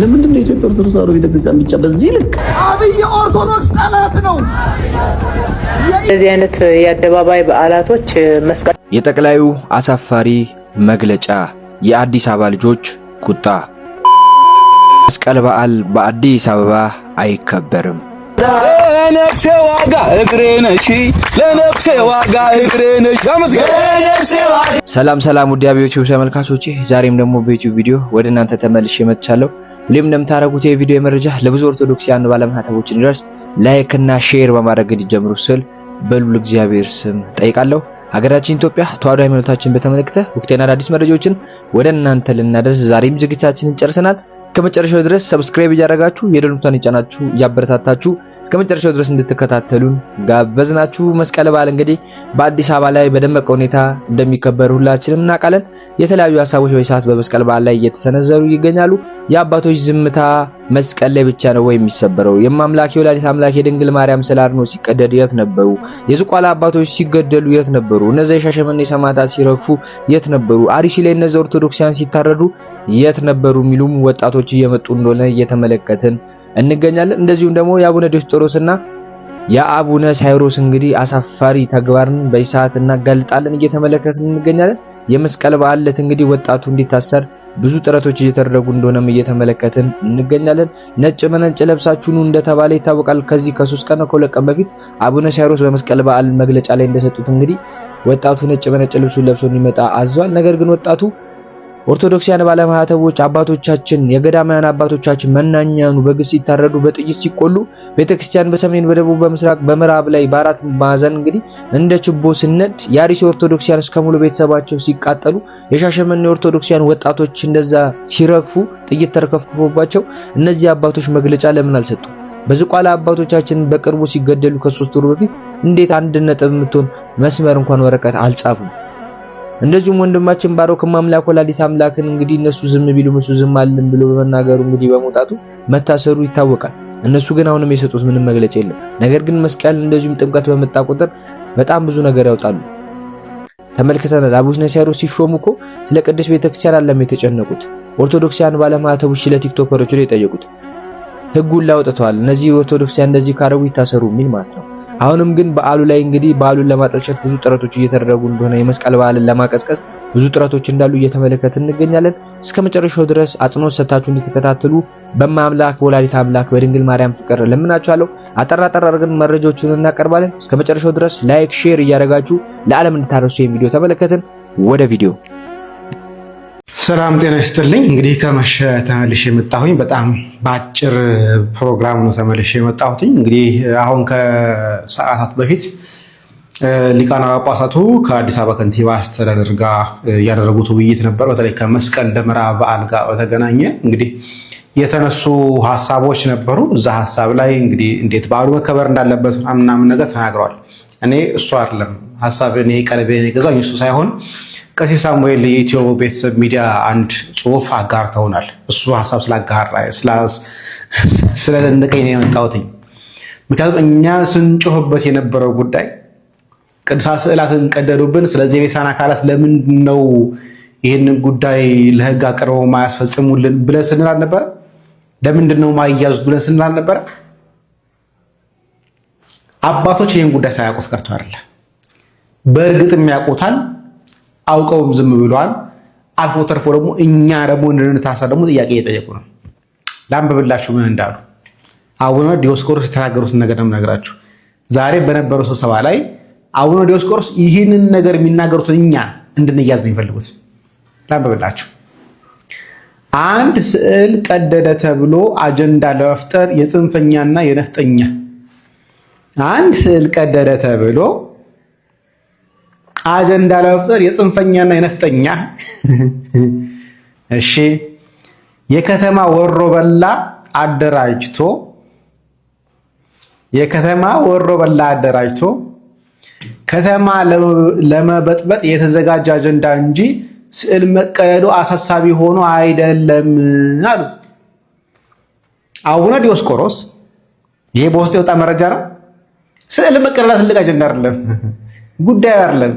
ለምንድን ነው ኢትዮጵያ ኦርቶዶክስ ተዋሕዶ ቤተክርስቲያን ብቻ በዚህ ልክ? አብይ ኦርቶዶክስ ጠላት ነው። እንደዚህ አይነት የአደባባይ በዓላቶች መስቀል። የጠቅላዩ አሳፋሪ መግለጫ፣ የአዲስ አበባ ልጆች ቁጣ። መስቀል በዓል በአዲስ አበባ አይከበርም። ለነፍሴ ዋጋ እግሬ ነሽ፣ ለነፍሴ ዋጋ እግሬ ነሽ። ሰላም ሰላም፣ ውድ የዩቲዩብ ተመልካቾቼ፣ ዛሬም ደግሞ በዩቲዩብ ቪዲዮ ወደ እናንተ ተመልሼ መጥቻለሁ። ሁሌም እንደምታደርጉት የቪዲዮ መረጃ ለብዙ ኦርቶዶክሲያን ባለማህተቦች እንዲደርስ ላይክ እና ሼር በማድረግ እንዲጀምሩ ስል በሉል እግዚአብሔር ስም ጠይቃለሁ። ሀገራችን ኢትዮጵያ ተዋሕዶ ሃይማኖታችን በተመለከተ ወቅታዊና አዳዲስ መረጃዎችን ወደ እናንተ ልናደርስ ዛሬም ዝግጅታችንን ጨርሰናል። እስከ መጨረሻው ድረስ ሰብስክራይብ እያደረጋችሁ የደሉምታን የጫናችሁ እያበረታታችሁ እስከ መጨረሻው ድረስ እንድትከታተሉን ጋበዝናችሁ። መስቀል በዓል እንግዲህ በአዲስ አበባ ላይ በደመቀ ሁኔታ እንደሚከበር ሁላችንም እናውቃለን። የተለያዩ ሀሳቦች በሰዓት በመስቀል በዓል ላይ እየተሰነዘሩ ይገኛሉ። የአባቶች ዝምታ መስቀል ላይ ብቻ ነው ወይ የሚሰበረው? የማምላክ የወላዲት አምላክ የድንግል ማርያም ስለ አድኖ ሲቀደድ የት ነበሩ? የዝቋላ አባቶች ሲገደሉ የት ነበሩ? እነዚያ የሻሸመኔ ሰማዕታት ሲረግፉ የት ነበሩ? አርሲ ላይ እነዚያ ኦርቶዶክሳውያን ሲታረዱ የት ነበሩ? የሚሉም ወጣቶች እየመጡ እንደሆነ እየተመለከትን እንገኛለን። እንደዚሁም ደግሞ የአቡነ ዲዮስጦሮስና የአቡነ ሳይሮስ እንግዲህ አሳፋሪ ተግባርን በሰዓት እናጋልጣለን እየተመለከትን እንገኛለን። የመስቀል በዓል ዕለት እንግዲህ ወጣቱ እንዲታሰር ብዙ ጥረቶች እየተደረጉ እንደሆነም እየተመለከትን እንገኛለን። ነጭ በነጭ ለብሳችሁኑ እንደተባለ ይታወቃል። ከዚህ ከሶስት ቀን ከሁለት ቀን በፊት አቡነ ሳይሮስ በመስቀል በዓል መግለጫ ላይ እንደሰጡት እንግዲህ ወጣቱ ነጭ በነጭ ልብሱን ለብሶ እንዲመጣ አዟል። ነገር ግን ወጣቱ ኦርቶዶክሳውያን ባለማህተቦች አባቶቻችን የገዳማያን አባቶቻችን መናኛኑ በግብጽ ሲታረዱ በጥይት ሲቆሉ ቤተክርስቲያን በሰሜን በደቡብ በምስራቅ በምዕራብ ላይ በአራት ማዕዘን እንግዲህ እንደ ችቦ ስነድ የአርሲ ኦርቶዶክሲያን እስከ ሙሉ ቤተሰባቸው ሲቃጠሉ የሻሸመኔ ኦርቶዶክሲያን ወጣቶች እንደዛ ሲረግፉ ጥይት ተርከፍክፎባቸው እነዚህ አባቶች መግለጫ ለምን አልሰጡ? በዝቋላ አባቶቻችን በቅርቡ ሲገደሉ ከሶስት ወር በፊት እንዴት አንድ ነጥብ የምትሆን መስመር እንኳን ወረቀት አልጻፉም? እንደዚሁም ወንድማችን ባሮክ አምላክ ወላዲት አምላክን እንግዲህ እነሱ ዝም ቢሉ እሱ ዝም አልልም ብሎ በመናገሩ እንግዲህ በመውጣቱ መታሰሩ ይታወቃል። እነሱ ግን አሁንም የሰጡት ምንም መግለጫ የለም። ነገር ግን መስቀል እንደዚሁም ጥምቀት በመጣ ቁጥር በጣም ብዙ ነገር ያውጣሉ። ተመልክተናል። አቡነ ሳዊሮስ ሲሾሙ እኮ ስለ ቅድስት ቤተክርስቲያን አለም የተጨነቁት ኦርቶዶክሳውያን ባለማተቦች ስለ ቲክቶከሮች ላይ የጠየቁት ህጉን ላውጥተዋል። እነዚህ ኦርቶዶክሳውያን እንደዚህ ካረቡ ይታሰሩ የሚል ማለት ነው። አሁንም ግን በዓሉ ላይ እንግዲህ በዓሉን ለማጠልሸት ብዙ ጥረቶች እየተደረጉ እንደሆነ የመስቀል በዓልን ለማቀዝቀዝ ብዙ ጥረቶች እንዳሉ እየተመለከት እንገኛለን። እስከ መጨረሻው ድረስ አጽንኦት ሰታችሁ እንዲከታተሉ በማምላክ ወላዲት አምላክ በድንግል ማርያም ፍቅር ለምናችኋለሁ። አጠር አጠር አድርገን መረጃዎችን እናቀርባለን። እስከ መጨረሻው ድረስ ላይክ፣ ሼር እያደረጋችሁ ለዓለም እንድታደርሱ የሚዲዮ ተመለከትን። ወደ ቪዲዮ ሰላም ጤና ይስጥልኝ። እንግዲህ ከመሸ ተመልሼ የመጣሁኝ በጣም በአጭር ፕሮግራም ነው ተመልሼ የመጣሁትኝ። እንግዲህ አሁን ከሰዓታት በፊት ሊቃነ ጳጳሳቱ ከአዲስ አበባ ከንቲባ አስተዳደር ጋር ያደረጉት ውይይት ነበር። በተለይ ከመስቀል ደመራ በዓል ጋር በተገናኘ እንግዲህ የተነሱ ሀሳቦች ነበሩ። እዛ ሀሳብ ላይ እንግዲህ እንዴት በዓሉ መከበር እንዳለበት ምናምን ነገር ተናግረዋል። እኔ እሱ አይደለም ሀሳብ እኔ ቀለቤ ገዛኝ እሱ ሳይሆን ቀሲስ ሳሙኤል የኢትዮ ቤተሰብ ሚዲያ አንድ ጽሁፍ አጋርተውናል። እሱ ሀሳብ ስለደነቀኝ ነው የመጣሁትኝ። ምክንያቱም እኛ ስንጮህበት የነበረው ጉዳይ ቅዱሳት ስዕላትን ቀደዱብን፣ ስለዚህ የቤሳን አካላት ለምንድን ነው ይህንን ጉዳይ ለህግ አቅርበው ማያስፈጽሙልን ብለን ስንል አልነበረ? ለምንድን ነው ማያዙት ብለን ስንል አልነበረ? አባቶች ይህን ጉዳይ ሳያውቁት ቀርቶ አይደለ፣ በእርግጥም ያውቁታል። አውቀውም ዝም ብሏል አልፎ ተርፎ ደግሞ እኛ ደግሞ እንድንታሳ ደግሞ ጥያቄ እየጠየቁ ነው። ላንብብላችሁ ምን እንዳሉ አቡነ ዲዮስቆሮስ የተናገሩትን ነገር ነው የምነግራችሁ። ዛሬ በነበረው ስብሰባ ላይ አቡነ ዲዮስቆሮስ ይህንን ነገር የሚናገሩትን እኛ እንድንያዝ ነው የሚፈልጉት። ላንብብላችሁ። አንድ ስዕል ቀደደ ተብሎ አጀንዳ ለመፍጠር የጽንፈኛና የነፍጠኛ አንድ ስዕል ቀደደ ተብሎ አጀንዳ ለመፍጠር የጽንፈኛና የነፍጠኛ እሺ የከተማ ወሮ በላ አደራጅቶ የከተማ ወሮ በላ አደራጅቶ ከተማ ለመበጥበጥ የተዘጋጀ አጀንዳ እንጂ ስዕል መቀደዱ አሳሳቢ ሆኖ አይደለም አሉ አቡነ ዲዮስቆሮስ። ይሄ በውስጥ የወጣ መረጃ ነው። ስዕል መቀደድ ትልቅ አጀንዳ አይደለም፣ ጉዳዩ አይደለም።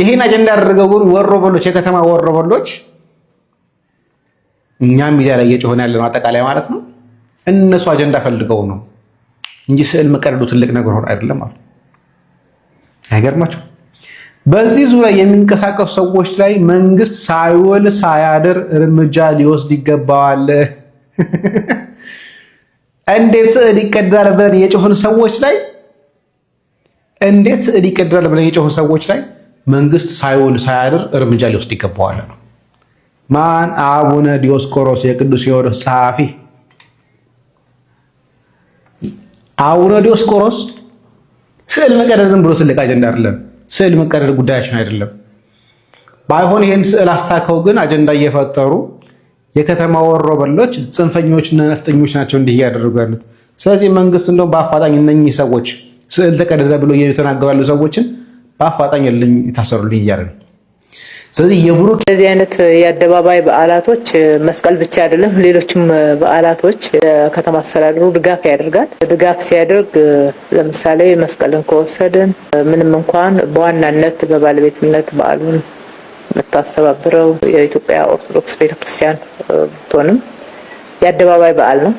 ይሄን አጀንዳ ያደረገው ግን ወሮ በሎች፣ የከተማ ወሮ በሎች፣ እኛም ሚዲያ ላይ እየጮህን ያለ ነው አጠቃላይ ማለት ነው። እነሱ አጀንዳ ፈልገው ነው እንጂ ስዕል መቀደዱ ትልቅ ነገር ሆኖ አይደለም አሉ። አይገርማቸው። በዚህ ዙሪያ የሚንቀሳቀሱ ሰዎች ላይ መንግስት ሳይውል ሳያድር እርምጃ ሊወስድ ይገባዋል። እንዴት ስዕል ይቀዳል ብለን የጮህን ሰዎች ላይ እንዴት ስዕል ይቀድዳል ብለን የጮሁ ሰዎች ላይ መንግስት ሳይውል ሳያድር እርምጃ ሊወስድ ይገባዋል ነው። ማን አቡነ ዲዮስቆሮስ የቅዱስ ሲኖዶስ ጸሐፊ አቡነ ዲዮስቆሮስ ስዕል መቀደድ ዝም ብሎ ትልቅ አጀንዳ አይደለም። ስዕል መቀደድ ጉዳያችን አይደለም። ባይሆን ይህን ስዕል አስታከው ግን አጀንዳ እየፈጠሩ የከተማ ወሮ በሎች ጽንፈኞችና ነፍጠኞች ናቸው እንዲህ እያደረጉ ያሉት። ስለዚህ መንግስት እንደውም በአፋጣኝ እነኚህ ሰዎች ስዕል ተቀደደ ብሎ እየተናገሩ ሰዎችን በአፋጣኝ ልኝ የታሰሩልኝ እያለ ነው። ስለዚህ የብሩክ እንደዚህ አይነት የአደባባይ በዓላቶች መስቀል ብቻ አይደለም፣ ሌሎችም በዓላቶች ከተማ አስተዳደሩ ድጋፍ ያደርጋል። ድጋፍ ሲያደርግ ለምሳሌ መስቀልን ከወሰድን ምንም እንኳን በዋናነት በባለቤትነት በዓሉን የምታስተባብረው የኢትዮጵያ ኦርቶዶክስ ቤተክርስቲያን ብትሆንም የአደባባይ በዓል ነው።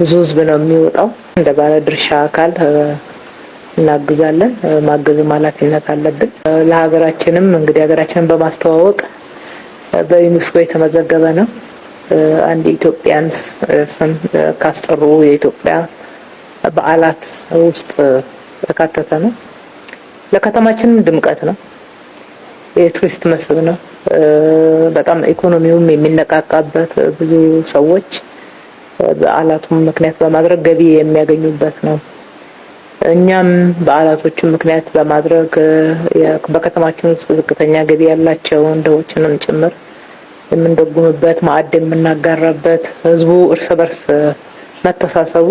ብዙ ሕዝብ ነው የሚወጣው። እንደ ባለ ድርሻ አካል እናግዛለን። ማገዝም ኃላፊነት አለብን። ለሀገራችንም እንግዲህ ሀገራችንን በማስተዋወቅ በዩኔስኮ የተመዘገበ ነው። አንድ የኢትዮጵያን ስም ካስጠሩ የኢትዮጵያ በዓላት ውስጥ ተካተተ ነው። ለከተማችንም ድምቀት ነው። የቱሪስት መስህብ ነው። በጣም ኢኮኖሚውም የሚነቃቃበት ብዙ ሰዎች በዓላቱን ምክንያት በማድረግ ገቢ የሚያገኙበት ነው። እኛም በዓላቶቹን ምክንያት በማድረግ በከተማችን ውስጥ ዝቅተኛ ገቢ ያላቸውን ድሆችንም ጭምር የምንደጉምበት፣ ማዕድ የምናጋራበት፣ ህዝቡ እርስ በርስ መተሳሰቡ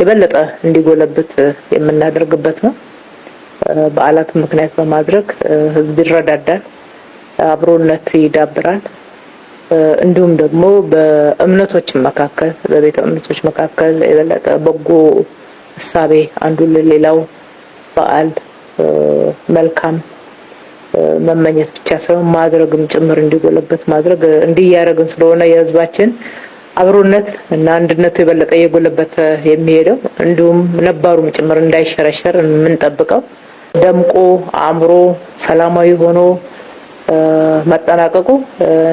የበለጠ እንዲጎለብት የምናደርግበት ነው። በዓላት ምክንያት በማድረግ ህዝብ ይረዳዳል፣ አብሮነት ይዳብራል። እንዲሁም ደግሞ በእምነቶች መካከል በቤተ እምነቶች መካከል የበለጠ በጎ እሳቤ አንዱ ለሌላው በዓል መልካም መመኘት ብቻ ሳይሆን ማድረግም ጭምር እንዲጎለበት ማድረግ እንዲያደረግን ስለሆነ የህዝባችን አብሮነት እና አንድነቱ የበለጠ እየጎለበተ የሚሄደው እንዲሁም ነባሩም ጭምር እንዳይሸረሸር የምንጠብቀው ደምቆ አእምሮ ሰላማዊ ሆኖ መጠናቀቁ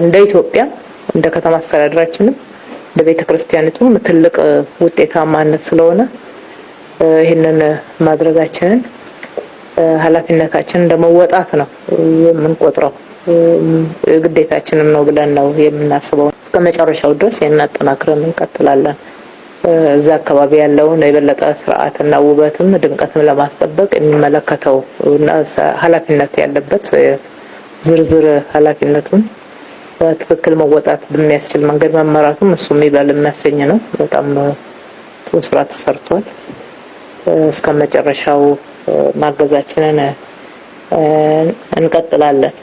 እንደ ኢትዮጵያ እንደ ከተማ አስተዳደራችንም እንደ ቤተ ክርስቲያኒቱ ትልቅ ውጤታማነት ስለሆነ ይህንን ማድረጋችንን ኃላፊነታችንን እንደመወጣት ነው የምንቆጥረው ግዴታችንም ነው ብለን ነው የምናስበው። እስከ መጨረሻው ድረስ አጠናክረን እንቀጥላለን። እዛ አካባቢ ያለውን የበለጠ ስርዓትና ውበትም ድምቀትም ለማስጠበቅ የሚመለከተው ኃላፊነት ያለበት ዝርዝር ኃላፊነቱን በትክክል መወጣት በሚያስችል መንገድ መመራቱም እሱ የሚባል የሚያሰኝ ነው። በጣም ጥሩ ስራ ተሰርቷል። እስከ መጨረሻው ማገዛችንን እንቀጥላለን።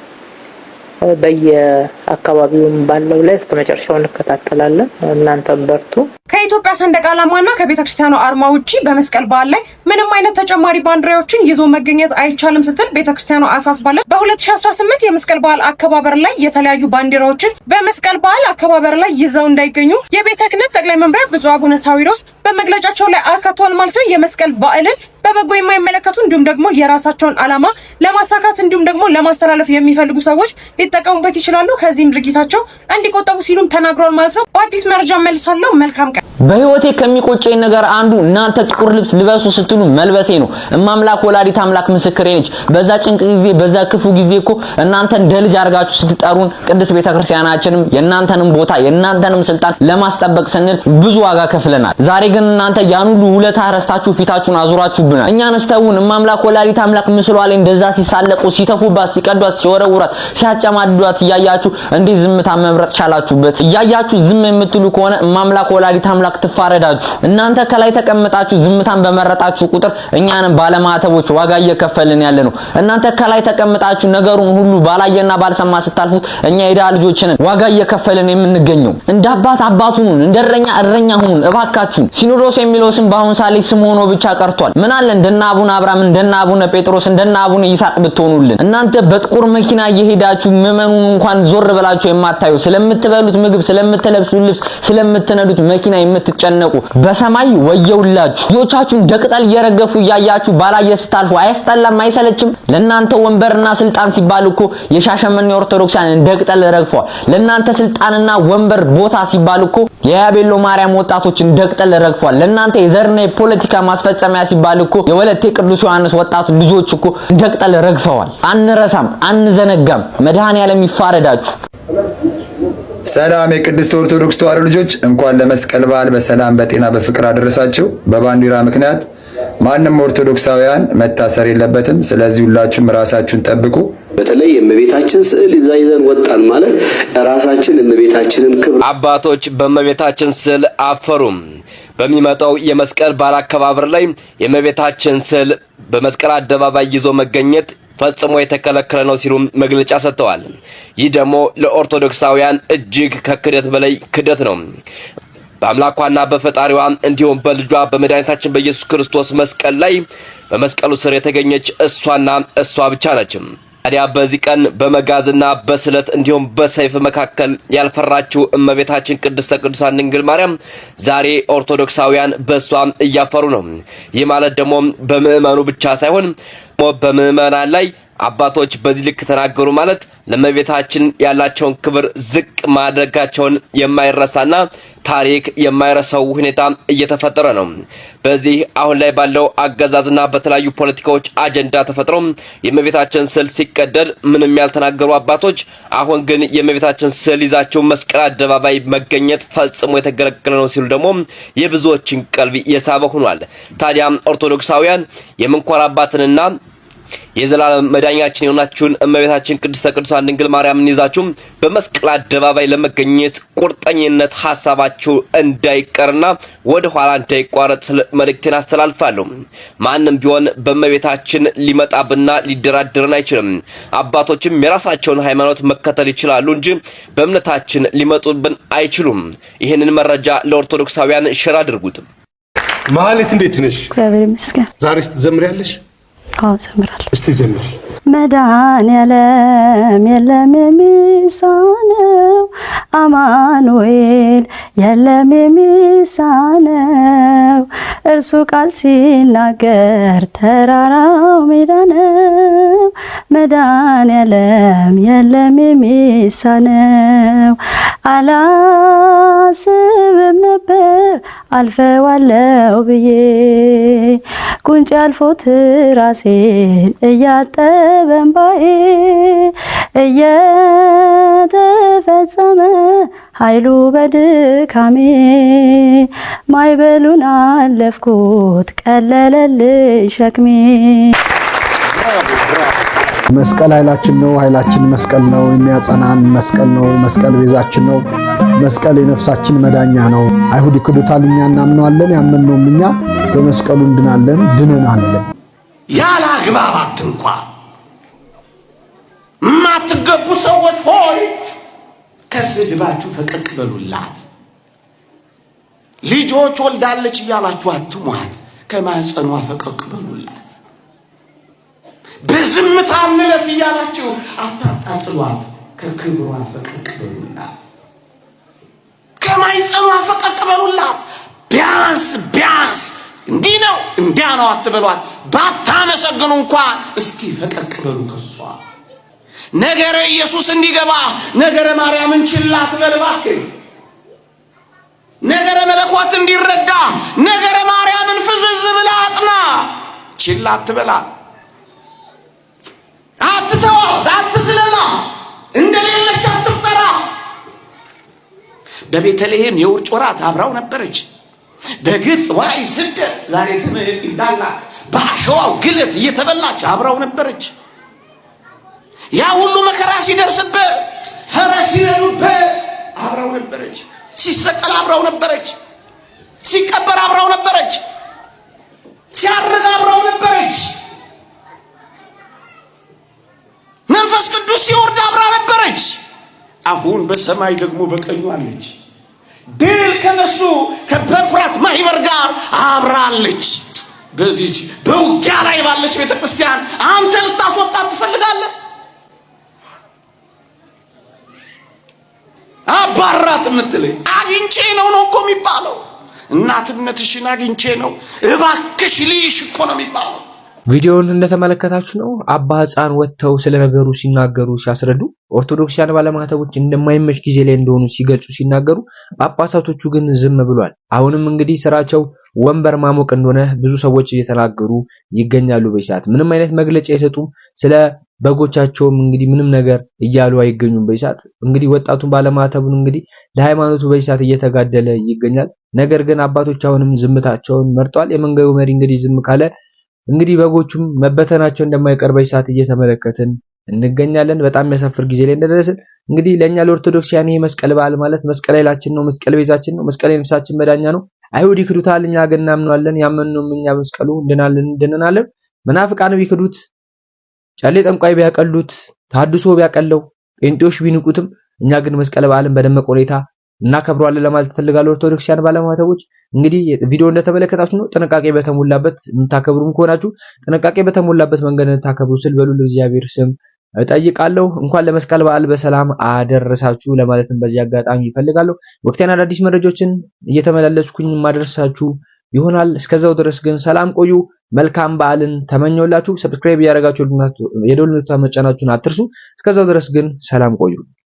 በየአካባቢውም ባለው ላይ እስከ መጨረሻው እንከታተላለን። እናንተም በርቱ። ከኢትዮጵያ ሰንደቅ ዓላማና ከቤተ ክርስቲያኑ አርማ ውጭ በመስቀል በዓል ላይ ምንም አይነት ተጨማሪ ባንዲራዎችን ይዞ መገኘት አይቻልም ስትል ቤተ ክርስቲያኑ አሳስባለች። በ2018 የመስቀል በዓል አከባበር ላይ የተለያዩ ባንዲራዎችን በመስቀል በዓል አከባበር ላይ ይዘው እንዳይገኙ የቤተ ክህነት ጠቅላይ መምሪያ ብፁዕ አቡነ ሳዊሮስ በመግለጫቸው ላይ አካቷል ማለት የመስቀል በዓልን በበጎ የማይመለከቱ እንዲሁም ደግሞ የራሳቸውን ዓላማ ለማሳካት እንዲሁም ደግሞ ለማስተላለፍ የሚፈልጉ ሰዎች ሊጠቀሙበት ይችላሉ። ከዚህም ድርጊታቸው እንዲቆጠቡ ሲሉም ተናግረዋል ማለት ነው። በአዲስ መረጃ መልሳለሁ። መልካም ቀን። በህይወቴ ከሚቆጨኝ ነገር አንዱ እናንተ ጥቁር ልብስ ልበሱ ስትሉ መልበሴ ነው። እማምላክ ወላዲት አምላክ ምስክሬ ነች። በዛ ጭንቅ ጊዜ፣ በዛ ክፉ ጊዜ እኮ እናንተ እንደ ልጅ አድርጋችሁ ስትጠሩን ቅድስት ቤተክርስቲያናችንም የእናንተንም ቦታ የእናንተንም ስልጣን ለማስጠበቅ ስንል ብዙ ዋጋ ከፍለናል። ዛሬ ግን እናንተ ያን ሁሉ ውለታ ረስታችሁ ፊታችሁን አዙራችሁ ይሆናል። እኛን አንስተውን ማምላክ ወላዲት አምላክ ምስሏ ላይ እንደዛ ሲሳለቁ፣ ሲተፉባት፣ ሲቀዷት፣ ሲወረውራት፣ ሲያጨማድዷት እያያችሁ እንዴት ዝምታ መምረጥ ቻላችሁበት? እያያችሁ ዝም የምትሉ ከሆነ እማምላክ ወላዲት አምላክ ትፋረዳችሁ። እናንተ ከላይ ተቀምጣችሁ ዝምታን በመረጣችሁ ቁጥር እኛንም ባለማተቦች ዋጋ እየከፈልን ያለ ነው። እናንተ ከላይ ተቀምጣችሁ ነገሩን ሁሉ ባላየና ባልሰማ ስታልፉት እኛ የዳ ልጆችን ዋጋ እየከፈልን የምንገኘው እንደ አባት አባት ሁኑን፣ እንደ እረኛ እረኛ ሁኑን። እባካችሁን ሲኖዶስ የሚለው ስም በአሁን ሳሌ ስም ሆኖ ብቻ ቀርቷል። ምናል እናለን። እንደና አቡነ አብርሃም፣ እንደና አቡነ ጴጥሮስ፣ እንደና አቡነ ይስሐቅ ብትሆኑልን እናንተ በጥቁር መኪና እየሄዳችሁ ምዕመኑን እንኳን ዞር ብላችሁ የማታዩ ስለምትበሉት ምግብ፣ ስለምትለብሱት ልብስ፣ ስለምትነዱት መኪና የምትጨነቁ በሰማይ ወየውላችሁ። ልጆቻችሁን ደቅጠል እየረገፉ እያያችሁ ባላየ ስታልፉ አያስጠላም? አይሰለችም? ለእናንተ ወንበርና ስልጣን ሲባል እኮ የሻሸመኔ ኦርቶዶክሳን እንደቅጠል ረግፈዋል። ለእናንተ ስልጣንና ወንበር ቦታ ሲባል እኮ የያቤሎ ማርያም ወጣቶች እንደቅጠል ረግፈዋል። ለእናንተ የዘርና የፖለቲካ ማስፈጸሚያ ሲባል እኮ እኮ የወለቴ ቅዱስ ዮሐንስ ወጣቱ ልጆች እኮ እንደቅጠል ረግፈዋል። አንረሳም፣ አንዘነጋም። መድኃኔዓለም ይፋረዳችሁ። ሰላም የቅድስት ኦርቶዶክስ ተዋሕዶ ልጆች እንኳን ለመስቀል በዓል በሰላም በጤና በፍቅር አደረሳችሁ። በባንዲራ ምክንያት ማንም ኦርቶዶክሳውያን መታሰር የለበትም። ስለዚህ ሁላችሁም ራሳችሁን ጠብቁ። በተለይ የእመቤታችን ስዕል ይዛ ይዘን ወጣን ማለት ራሳችን የእመቤታችንን ክብር አባቶች በእመቤታችን ስዕል አፈሩም በሚመጣው የመስቀል በዓል አከባበር ላይ የእመቤታችን ስዕል በመስቀል አደባባይ ይዞ መገኘት ፈጽሞ የተከለከለ ነው ሲሉ መግለጫ ሰጥተዋል። ይህ ደግሞ ለኦርቶዶክሳውያን እጅግ ከክደት በላይ ክደት ነው። በአምላኳና በፈጣሪዋ እንዲሁም በልጇ በመድኃኒታችን በኢየሱስ ክርስቶስ መስቀል ላይ በመስቀሉ ስር የተገኘች እሷና እሷ ብቻ ነች። ታዲያ በዚህ ቀን በመጋዝና በስለት እንዲሁም በሰይፍ መካከል ያልፈራችው እመቤታችን ቅድስተ ቅዱሳን ድንግል ማርያም ዛሬ ኦርቶዶክሳውያን በእሷም እያፈሩ ነው። ይህ ማለት ደግሞ በምእመኑ ብቻ ሳይሆን በምእመናን ላይ አባቶች በዚህ ልክ ተናገሩ ማለት ለእመቤታችን ያላቸውን ክብር ዝቅ ማድረጋቸውን የማይረሳና ታሪክ የማይረሳው ሁኔታ እየተፈጠረ ነው። በዚህ አሁን ላይ ባለው አገዛዝና በተለያዩ ፖለቲካዎች አጀንዳ ተፈጥሮ የእመቤታችን ስዕል ሲቀደድ ምንም ያልተናገሩ አባቶች አሁን ግን የእመቤታችን ስዕል ይዛቸው መስቀል አደባባይ መገኘት ፈጽሞ የተገለገለ ነው ሲሉ ደግሞ የብዙዎችን ቀልብ የሳበ ሆኗል። ታዲያም ኦርቶዶክሳውያን አባትንና። የዘላለም መዳኛችን የሆናችሁን እመቤታችን ቅድስተ ቅዱሳን ድንግል ማርያምን ይዛችሁም በመስቀል አደባባይ ለመገኘት ቁርጠኝነት ሀሳባችሁ እንዳይቀርና ወደ ኋላ እንዳይቋረጥ መልእክቴን አስተላልፋለሁ። ማንም ቢሆን በእመቤታችን ሊመጣብና ሊደራደርን አይችልም። አባቶችም የራሳቸውን ሃይማኖት መከተል ይችላሉ እንጂ በእምነታችን ሊመጡብን አይችሉም። ይህንን መረጃ ለኦርቶዶክሳውያን ሽር አድርጉት። መሀሌት እንዴት ነሽ? እግዚአብሔር ይመስገን። ዛሬ ስትዘምሪያለሽ? አዎ ዘምራለሁ። እስቲ ዘምር። መድኃኔዓለም የለም የሚሳነው አማኑኤል የለም የሚሳነው እርሱ ቃል ሲናገር ተራራው ሜዳ ነው። መድኃኔዓለም የለም የሚሳነው አላስብም ነበር አልፈዋለው ብዬ ጉንጭ አልፎት ራሴን እያጠበን ባዬ እየተፈጸመ ኃይሉ በድካሜ ማይበሉን አለፍኩት ቀለለልኝ ሸክሜ መስቀል ኃይላችን ነው፣ ኃይላችን መስቀል ነው፣ የሚያጸናን መስቀል ነው፣ መስቀል ቤዛችን ነው፣ መስቀል የነፍሳችን መዳኛ ነው። አይሁድ ይክዱታል፣ እኛ እናምነዋለን፣ ያመንነውም እኛ በመስቀሉ እንድናለን፣ ድነናለን። ያለ አግባባት እንኳ የማትገቡ ሰዎች ሆይ ከስድባችሁ ፈቀቅ በሉላት። ልጆች ወልዳለች እያላችሁ አትሟት፣ ከማህፀኗ ፈቀቅ በሉ። በዝምታ እንለፍ እያላችሁ አታጣጥሏት። ከክብሯ ፈቀቅ በሉላት፣ ከማይጸኗ ፈቀቅ በሉላት። ቢያንስ ቢያንስ እንዲህ ነው እንዲያ ነው አትበሏት። ባታመሰግኑ እንኳ እስኪ ፈቀቅ በሉ ከሷ ነገረ ኢየሱስ እንዲገባ ነገረ ማርያምን ችላት አትበል ነገረ መለኮት እንዲረዳ ነገረ ማርያምን ፍዝዝ ብላ አጥና፣ ችላ አትበላ። አትተዋ፣ አትስለላ፣ እንደሌለች በቤተልሔም የውርጭ ወራት አብራው ነበረች። በግብፅ ዋይ ስደት ዛሬ ትምህርት እንዳላት በአሸዋው ግለት እየተበላች አብራው ነበረች። ያ ሁሉ መከራ ሲደርስበት ፈረስ ሲረዱበት አብራው ነበረች። ሲሰቀል አብራው ነበረች። ሲቀበር አብራው ነበረች። ሲያርግ አብራው ነበረች። መንፈስ ቅዱስ ሲወርድ አብራ ነበረች። አሁን በሰማይ ደግሞ በቀኙ አለች። ድል ከነሱ ከበኩራት ማህበር ጋር አብራለች። በዚች በውጊያ ላይ ባለች ቤተ ክርስቲያን አንተ ልታስወጣት ትፈልጋለህ? አባራት የምትለኝ አግኝቼ ነው ነው እኮ የሚባለው። እናትነትሽን አግኝቼ ነው እባክሽ ልይሽ እኮ ነው የሚባለው። ቪዲዮውን እንደተመለከታችሁ ነው አባ ሕፃን ወጥተው ስለ ነገሩ ሲናገሩ ሲያስረዱ ኦርቶዶክሲያን ባለማተቦች እንደማይመች ጊዜ ላይ እንደሆኑ ሲገልጹ ሲናገሩ፣ ጳጳሳቶቹ ግን ዝም ብሏል። አሁንም እንግዲህ ስራቸው ወንበር ማሞቅ እንደሆነ ብዙ ሰዎች እየተናገሩ ይገኛሉ። በሰዓት ምንም አይነት መግለጫ አይሰጡም። ስለ በጎቻቸውም እንግዲህ ምንም ነገር እያሉ አይገኙም። በሰዓት እንግዲህ ወጣቱን ባለማተቡን እንግዲህ ለሃይማኖቱ በሰዓት እየተጋደለ ይገኛል። ነገር ግን አባቶች አሁንም ዝምታቸውን መርጧል። የመንገዱ መሪ እንግዲህ ዝም ካለ እንግዲህ በጎቹም መበተናቸው እንደማይቀር ሰዓት እየተመለከትን እንገኛለን። በጣም የሚያሳፍር ጊዜ ላይ እንደደረስን እንግዲህ ለእኛ ለኦርቶዶክሲያን ይሄ መስቀል በዓል ማለት መስቀል ኃይላችን ነው፣ መስቀል ቤዛችን ነው፣ መስቀል የነፍሳችን መዳኛ ነው። አይሁድ ይክዱታል፣ እኛ ግን እናምናለን። ያመንነውም እኛ መስቀሉ እንድናለን እንድንናለን። መናፍቃን ቢክዱት፣ ጨሌ ጠንቋይ ቢያቀሉት፣ ታድሶ ቢያቀለው፣ ጴንጤዎች ቢንቁትም እኛ ግን መስቀል በዓልን በደመቀ ሁኔታ እናከብረዋለን ለማለት እፈልጋለሁ። ኦርቶዶክሲያን ባለማተቦች እንግዲህ ቪዲዮ እንደተመለከታችሁ ነው። ጥንቃቄ በተሞላበት የምታከብሩም ከሆናችሁ ጥንቃቄ በተሞላበት መንገድ እንድታከብሩ ስል በሉል እግዚአብሔር ስም እጠይቃለሁ። እንኳን ለመስቀል በዓል በሰላም አደረሳችሁ ለማለትም በዚህ አጋጣሚ ይፈልጋለሁ። ወቅታዊና አዳዲስ መረጃዎችን እየተመላለስኩኝ ማደርሳችሁ ይሆናል። እስከዛው ድረስ ግን ሰላም ቆዩ። መልካም በዓልን ተመኘውላችሁ። ሰብስክራይብ እያደረጋችሁ የደወል ምልክቱን መጫናችሁን አትርሱ። እስከዛው ድረስ ግን ሰላም ቆዩ።